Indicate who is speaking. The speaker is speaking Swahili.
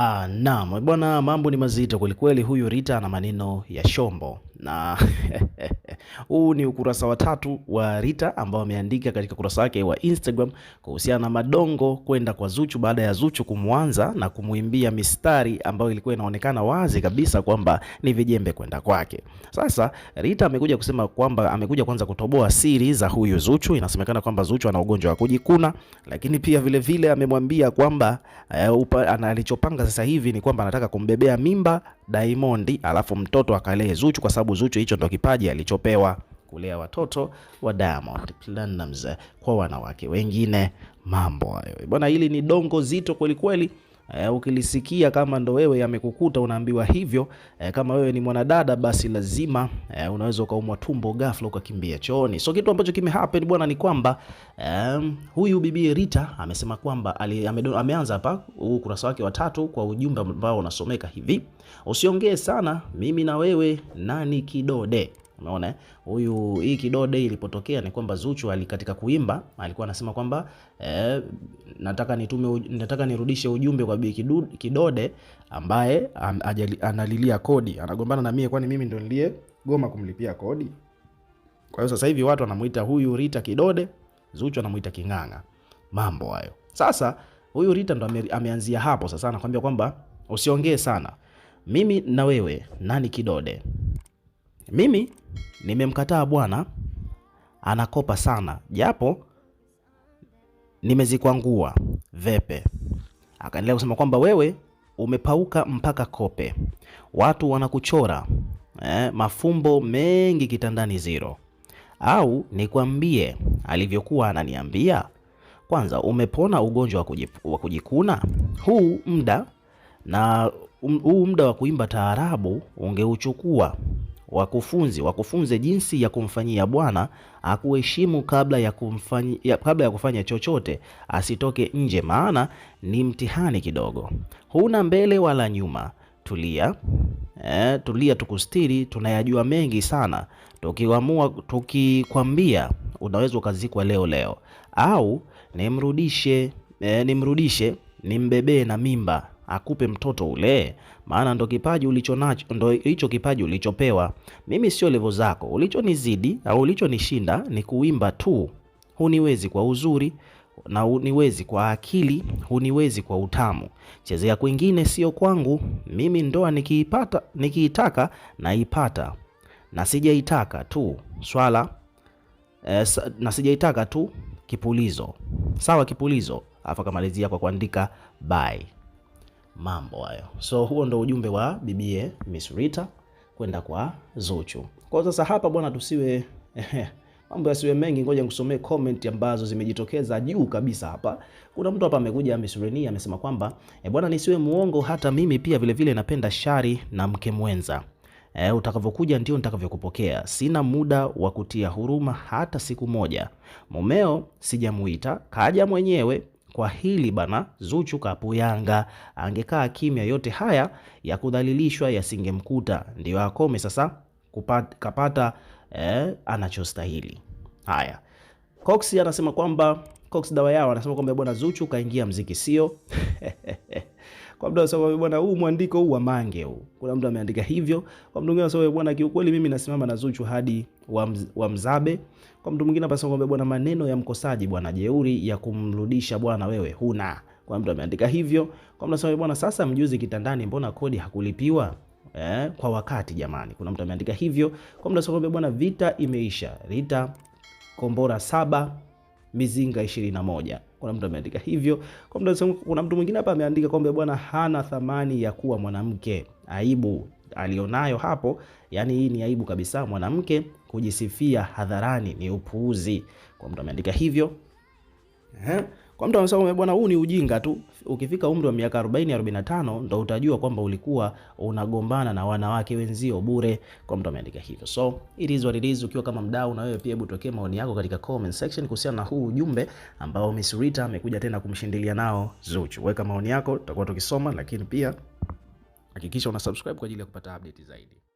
Speaker 1: Ah, naam bwana, mambo ni mazito kwelikweli. Huyu Rita ana maneno ya shombo na Huu ni ukurasa wa tatu wa Rita ambao ameandika katika ukurasa wake wa Instagram kuhusiana na madongo kwenda kwa Zuchu baada ya Zuchu kumwanza na kumuimbia mistari ambayo ilikuwa inaonekana wazi kabisa kwamba ni vijembe kwenda kwake. Sasa Rita amekuja kusema kwamba amekuja kwanza kutoboa siri za huyu Zuchu. Inasemekana kwamba Zuchu ana ugonjwa wa kujikuna, lakini pia vile vile amemwambia kwamba uh, alichopanga sasa hivi ni kwamba anataka kumbebea mimba Diamond, alafu mtoto akalee Zuchu, kwa sababu Zuchu hicho ndo kipaji alichopewa kulea watoto wa Diamond Platnumz kwa wanawake wengine. Mambo hayo bwana, hili ni dongo zito kweli kweli. E, ukilisikia kama ndo wewe yamekukuta unaambiwa hivyo e, kama wewe ni mwanadada basi lazima e, unaweza ukaumwa tumbo ghafla ukakimbia chooni. So kitu ambacho kimehappen bwana ni kwamba e, huyu bibi Rita amesema kwamba ameanza hapa ukurasa wake wa tatu kwa ujumbe ambao unasomeka hivi: usiongee sana, mimi na wewe nani kidode Umeona eh? huyu, hii kidode ilipotokea ni kwamba Zuchu alikatika kuimba alikuwa anasema kwamba eh, nataka nitume, nataka nirudishe ujumbe kwa Bi Kidode ambaye analilia kodi, anagombana na mie, kwani mimi ndo goma kumlipia kodi. Kwa hiyo sasa hivi watu wanamuita huyu Rita Kidode, Zuchu anamuita King'ang'a. Mambo hayo sasa. Huyu Rita ndo ame, ameanzia hapo sasa, anakwambia kwamba usiongee sana, mimi na wewe nani kidode mimi nimemkataa bwana, anakopa sana japo nimezikwangua vepe. Akaendelea kusema kwamba wewe umepauka mpaka kope, watu wanakuchora eh, mafumbo mengi kitandani ziro. Au nikwambie alivyokuwa ananiambia kwanza, umepona ugonjwa wa kujikuna huu muda na huu muda wa kuimba taarabu ungeuchukua wakufunzi wakufunze jinsi ya kumfanyia Bwana akuheshimu kabla ya kumfanyia, kabla ya kufanya chochote, asitoke nje, maana ni mtihani kidogo, huna mbele wala nyuma. Tulia eh, tulia tukustiri, tunayajua mengi sana. Tukiamua tukikwambia unaweza ukazikwa leo leo, au nimrudishe eh, nimrudishe nimbebee na mimba akupe mtoto ule, maana ndo kipaji ulicho nacho, ndo hicho kipaji ulichopewa. Mimi sio levo zako, ulichonizidi au ulichonishinda ni kuimba tu. Huniwezi kwa uzuri na huniwezi kwa akili, huniwezi kwa utamu. Chezea kwingine, sio kwangu. Mimi ndoa nikiipata, nikiitaka naipata, na sijaitaka tu swala e, na sijaitaka tu kipulizo. Sawa, kipulizo. Afu akamalizia kwa kuandika bye mambo hayo. So huo ndo ujumbe wa bibie Miss Rita kwenda kwa Zuchu. Kwa sasa hapa bwana, tusiwe mambo yasiwe mengi, ngoja nikusomee comment ambazo zimejitokeza juu kabisa hapa. Kuna mtu hapa amekuja amesurenia, amesema kwamba e, bwana, nisiwe muongo, hata mimi pia vile vile napenda shari na mke mwenza E, utakavyokuja ndio nitakavyokupokea. Sina muda wa kutia huruma hata siku moja. Mumeo sijamuita, kaja mwenyewe. Kwa hili bana, Zuchu kapuyanga. Angekaa kimya, yote haya ya kudhalilishwa yasingemkuta. Ndio akome sasa kupata, kapata eh, anachostahili. Haya, Cox anasema kwamba Cox dawa yao anasema kwamba bwana Zuchu kaingia mziki sio kwa mtu anasema bwana, huu mwandiko huu wa Mange huu, kuna mtu ameandika hivyo. Kwa mtu mwingine anasema bwana, kiukweli mimi nasimama na Zuchu hadi wa mz, wa mzabe. Kwa mtu mwingine anasema kwamba bwana, maneno ya mkosaji bwana, jeuri ya kumrudisha bwana, wewe huna. Kwa mtu ameandika hivyo. Kwa mtu anasema bwana, sasa mjuzi kitandani, mbona kodi hakulipiwa eh, kwa wakati jamani? Kuna mtu ameandika hivyo. Kwa mtu anasema bwana, vita imeisha, Rita kombora saba mizinga 21. Kuna mtu ameandika hivyo. Kuna mtu mwingine hapa ameandika kwamba bwana hana thamani ya kuwa mwanamke, aibu alionayo hapo. Yani hii ni aibu kabisa, mwanamke kujisifia hadharani ni upuuzi. Kwa mtu ameandika hivyo. Eh? Kwa mtu anasema bwana, huu ni ujinga tu. Ukifika umri wa miaka 40 45, ndo utajua kwamba ulikuwa unagombana na wanawake wenzio bure. Kwa mtu ameandika hivyo, so it is what it is. Ukiwa kama mdau, na wewe pia, hebu tokee maoni yako katika comment section kuhusiana na huu ujumbe ambao Miss Rita amekuja tena kumshindilia nao Zuchu. Weka maoni yako, tutakuwa tukisoma, lakini pia hakikisha una subscribe kwa ajili ya kupata update zaidi.